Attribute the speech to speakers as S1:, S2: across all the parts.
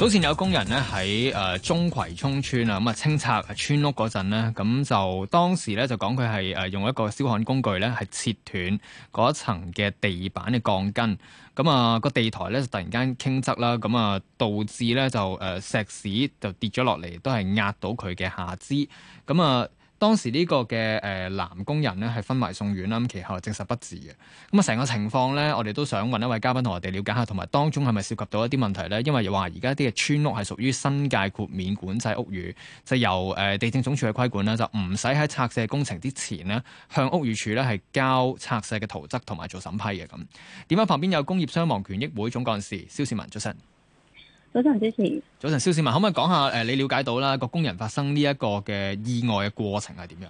S1: 早前有工人咧喺誒中葵涌村啊，咁啊清拆村屋嗰陣咧，咁就當時咧就講佢係誒用一個燒焊工具咧，係切斷嗰層嘅地板嘅鋼筋，咁啊個地台咧就突然間傾側啦，咁啊導致咧就誒、呃、石屎就跌咗落嚟，都係壓到佢嘅下肢，咁啊。呃當時呢個嘅誒男工人呢，係昏迷送院啦，咁其後係證實不治嘅。咁啊，成個情況呢，我哋都想揾一位嘉賓同我哋了解下，同埋當中係咪涉及到一啲問題呢？因為話而家啲嘅村屋係屬於新界豁免管制屋宇，就是、由誒地政總署去規管啦，就唔使喺拆卸工程之前呢，向屋宇署呢係交拆卸嘅圖則同埋做審批嘅咁。點解旁邊有工業傷亡權益會總幹事蕭倩文出席？
S2: 早晨，之前早晨，
S1: 主持。早晨，蕭倩文，可唔可以講下誒、呃，你了解到啦，個工人發生呢一個嘅意外嘅過程係點樣？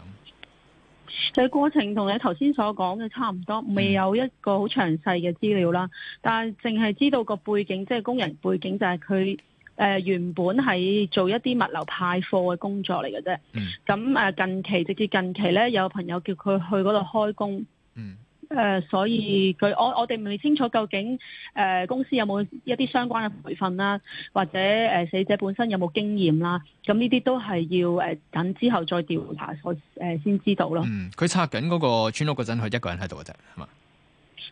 S2: 就過程同你頭先所講嘅差唔多，未、嗯、有一個好詳細嘅資料啦。但係淨係知道個背景，即、就、係、是、工人背景就係佢誒原本係做一啲物流派貨嘅工作嚟嘅啫。咁誒、嗯，近期直至近期呢，有朋友叫佢去嗰度開工。嗯誒、呃，所以佢我我哋未清楚究竟誒、呃、公司有冇一啲相關嘅培訓啦，或者誒、呃、死者本身有冇經驗啦，咁呢啲都係要誒、呃、等之後再調查，我誒先知道咯。嗯，
S1: 佢拆緊嗰個村屋嗰陣，佢一個人喺度嘅啫，係嘛？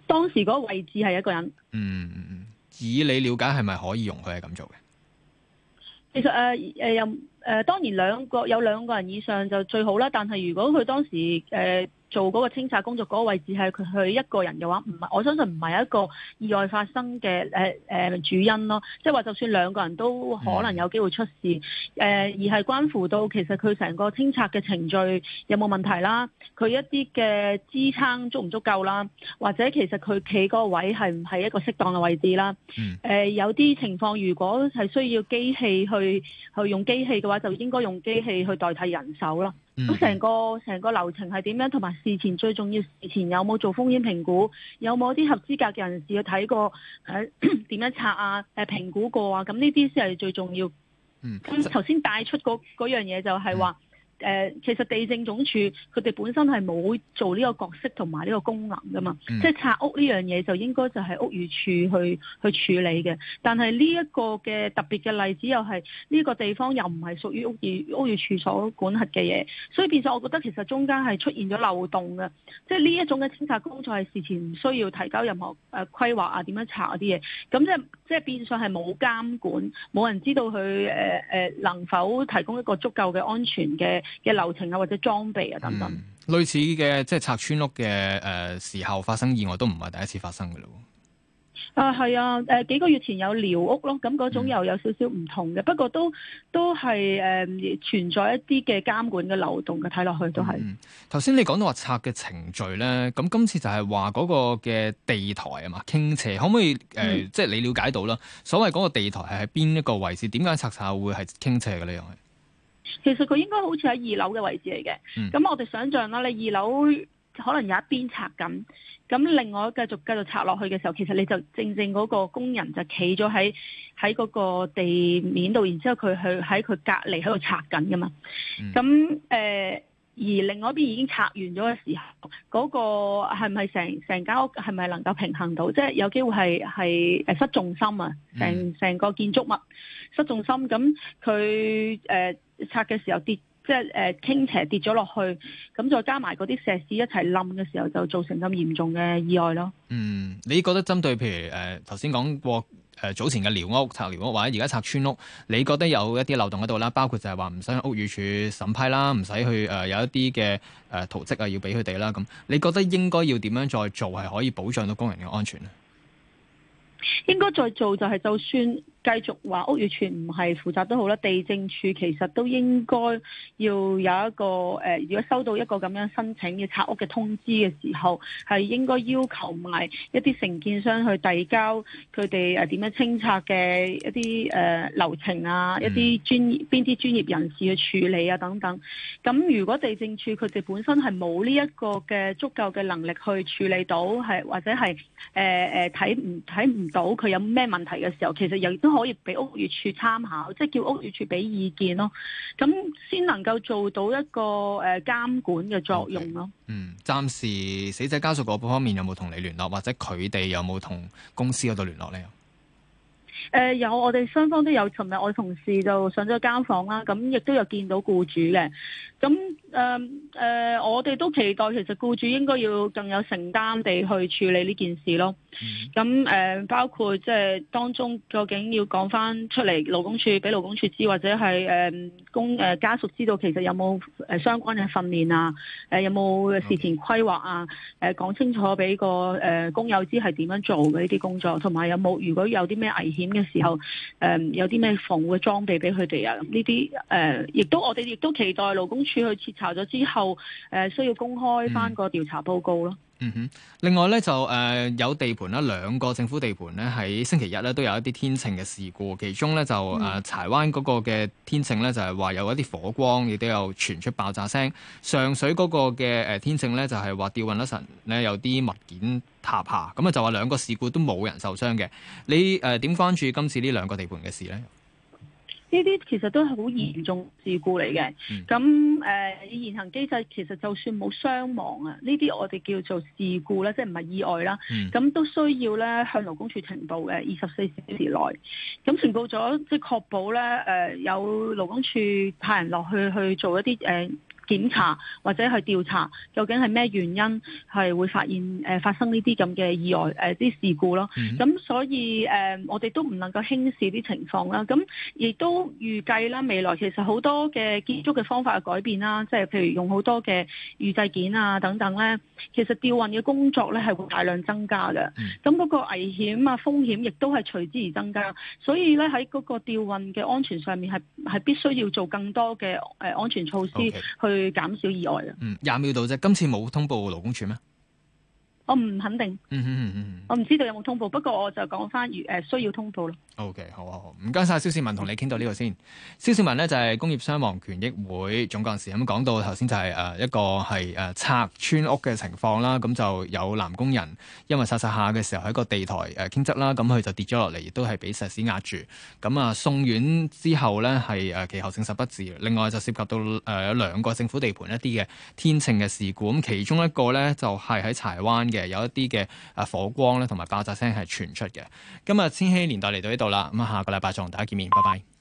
S2: 當時嗰位置係一個人。嗯嗯嗯。
S1: 以你了解係咪可以容許佢係咁做嘅？
S2: 其實誒誒又誒，當然兩個有兩個人以上就最好啦。但係如果佢當時誒、呃做嗰個清拆工作嗰個位置係佢一個人嘅話，唔係我相信唔係一個意外發生嘅誒誒主因咯。即係話，就算兩個人都可能有機會出事，誒、呃、而係關乎到其實佢成個清拆嘅程序有冇問題啦，佢一啲嘅支撐足唔足夠啦，或者其實佢企嗰個位係唔係一個適當嘅位置啦？誒、嗯呃、有啲情況如果係需要機器去去用機器嘅話，就應該用機器去代替人手啦。咁成、嗯、個成個流程係點樣？同埋事前最重要，事前有冇做風險評估？有冇啲合資格嘅人士去睇過？誒、哎、點樣拆啊？誒評估過啊？咁呢啲先係最重要。嗯，咁頭先帶出嗰嗰樣嘢就係話。嗯誒、呃，其實地政總署佢哋本身係冇做呢個角色同埋呢個功能噶嘛。嗯、即係拆屋呢樣嘢就應該就係屋宇署去去處理嘅。但係呢一個嘅特別嘅例子又係呢、呢個地方又唔係屬於屋宇屋宇署所管轄嘅嘢，所以變相我覺得其實中間係出現咗漏洞嘅。即係呢一種嘅清拆工作係事前唔需要提交任何誒規劃啊，點樣查嗰啲嘢，咁即係即係變相係冇監管，冇人知道佢誒誒能否提供一個足夠嘅安全嘅。嘅流程啊，或者裝備啊等等，嗯、
S1: 類似嘅即係拆村屋嘅誒、呃、時候發生意外都唔係第一次發生嘅咯。
S2: 啊，係啊，誒、呃、幾個月前有寮屋咯，咁嗰種又有少少唔同嘅，嗯、不過都都係誒、呃、存在一啲嘅監管嘅漏洞嘅，睇落去都係。
S1: 頭先、嗯、你講到話拆嘅程序咧，咁今次就係話嗰個嘅地台啊嘛傾斜，可唔可以誒？即、呃、係、嗯、你了解到啦，所謂嗰個地台係喺邊一個位置？點解拆拆會係傾斜嘅呢？又係？
S2: 其實佢應該好似喺二樓嘅位置嚟嘅，咁、嗯、我哋想象啦，你二樓可能有一邊拆緊，咁另外繼續繼續拆落去嘅時候，其實你就正正嗰個工人就企咗喺喺嗰個地面度，然之後佢去喺佢隔離喺度拆緊㗎嘛，咁誒。嗯呃而另外一邊已經拆完咗嘅時候，嗰、嗰個係咪成成間屋係咪能夠平衡到？即係有機會係係誒失重心啊！成成個建築物失重心，咁佢誒拆嘅時候跌，即係誒、呃、傾斜跌咗落去，咁再加埋嗰啲石屎一齊冧嘅時候，就造成咁嚴重嘅意
S1: 外咯。嗯，你覺得針對譬如誒頭先講過？誒早前嘅寮屋拆寮屋，或者而家拆村屋，你覺得有一啲漏洞喺度啦？包括就係話唔使屋宇署審批啦，唔使去誒、呃、有一啲嘅誒圖則啊，呃、要俾佢哋啦。咁你覺得應該要點樣再做，係可以保障到工人嘅安全咧？
S2: 應該再做就係就算。繼續話屋宇署唔係負責都好啦，地政署其實都應該要有一個誒、呃，如果收到一個咁樣申請要拆屋嘅通知嘅時候，係應該要求埋一啲承建商去遞交佢哋誒，點樣清拆嘅一啲誒、呃、流程啊，一啲專邊啲專業人士去處理啊等等。咁如果地政署佢哋本身係冇呢一個嘅足夠嘅能力去處理到，係或者係誒誒睇唔睇唔到佢有咩問題嘅時候，其實又都可以俾屋宇署參考，即係叫屋宇署俾意見咯，咁先能夠做到一個誒監管嘅作用咯。Okay.
S1: 嗯，暫時死者家屬嗰方面有冇同你聯絡，或者佢哋有冇同公司嗰度聯絡呢？
S2: 誒、呃、有，我哋雙方都有。尋日我同事就上咗間房啦，咁亦都有見到僱主嘅。咁誒誒，我哋都期待其實僱主應該要更有承擔地去處理呢件事咯。咁誒、嗯呃，包括即係當中究竟要講翻出嚟勞工處，俾勞工處知，或者係誒。呃工誒、呃、家屬知道其實有冇誒、呃、相關嘅訓練啊？誒、呃、有冇事前規劃啊？誒、呃、講清楚俾個誒工友知係點樣做嘅呢啲工作，同埋有冇如果有啲咩危險嘅時候，誒、呃、有啲咩防護嘅裝備俾佢哋啊？呢啲誒亦都我哋亦都期待勞工處去徹查咗之後，誒、呃、需要公開翻個調查報告咯。嗯
S1: 嗯哼，另外咧就誒、呃、有地盤啦，兩個政府地盤咧喺星期日咧都有一啲天秤嘅事故，其中咧就誒、嗯呃、柴灣嗰個嘅天秤咧就係、是、話有一啲火光，亦都有傳出爆炸聲。上水嗰個嘅誒天秤咧就係、是、話吊運一神咧有啲物件塌下，咁啊就話兩個事故都冇人受傷嘅。你誒點關注今次呢兩個地盤嘅事咧？
S2: 呢啲其實都係好嚴重事故嚟嘅，咁誒現行機制其實就算冇傷亡啊，呢啲我哋叫做事故啦，即係唔係意外啦，咁、嗯、都需要咧向勞工處呈報嘅，二十四小時內，咁呈報咗即係確保咧誒、呃、有勞工處派人落去去做一啲誒。呃檢查或者去調查究竟係咩原因係會發現誒、呃、發生呢啲咁嘅意外誒啲、呃、事故咯，咁 所以誒、呃、我哋都唔能夠輕視啲情況啦。咁亦都預計啦，未來其實好多嘅建築嘅方法嘅改變啦，即係譬如用好多嘅預製件啊等等呢，其實吊運嘅工作呢係會大量增加嘅。咁嗰 個危險啊風險亦都係隨之而增加，所以呢，喺嗰個吊運嘅安全上面係係必須要做更多嘅誒安全措施去。 去減少意
S1: 外啊！廿、嗯、秒到啫，今次冇通報勞工處咩？
S2: 我唔肯定， 我唔知道有冇通報，不過我就講翻，如誒需要通報咯。
S1: O.K. 好好，好，唔該晒。蕭倩文同你傾到呢個先。蕭倩文呢，就係、是、工業傷亡權益會總幹事，咁、嗯、講到頭先就係、是、誒、啊、一個係誒、啊、拆村屋嘅情況啦，咁、嗯、就有男工人因為撒撒下嘅時候喺個地台誒傾側啦，咁佢就跌咗落嚟，亦都係俾石屎壓住。咁、嗯、啊、嗯嗯哦、送院之後呢，係誒其後證實不治。另外就涉及到誒有兩個政府地盤一啲嘅天秤嘅事故，咁、嗯、其中一個呢，就係、是、喺柴灣嘅，有一啲嘅誒火光咧同埋爆炸聲係傳出嘅。今日千禧年代嚟到呢度。好啦，咁啊，下個禮拜再同大家見面，拜拜。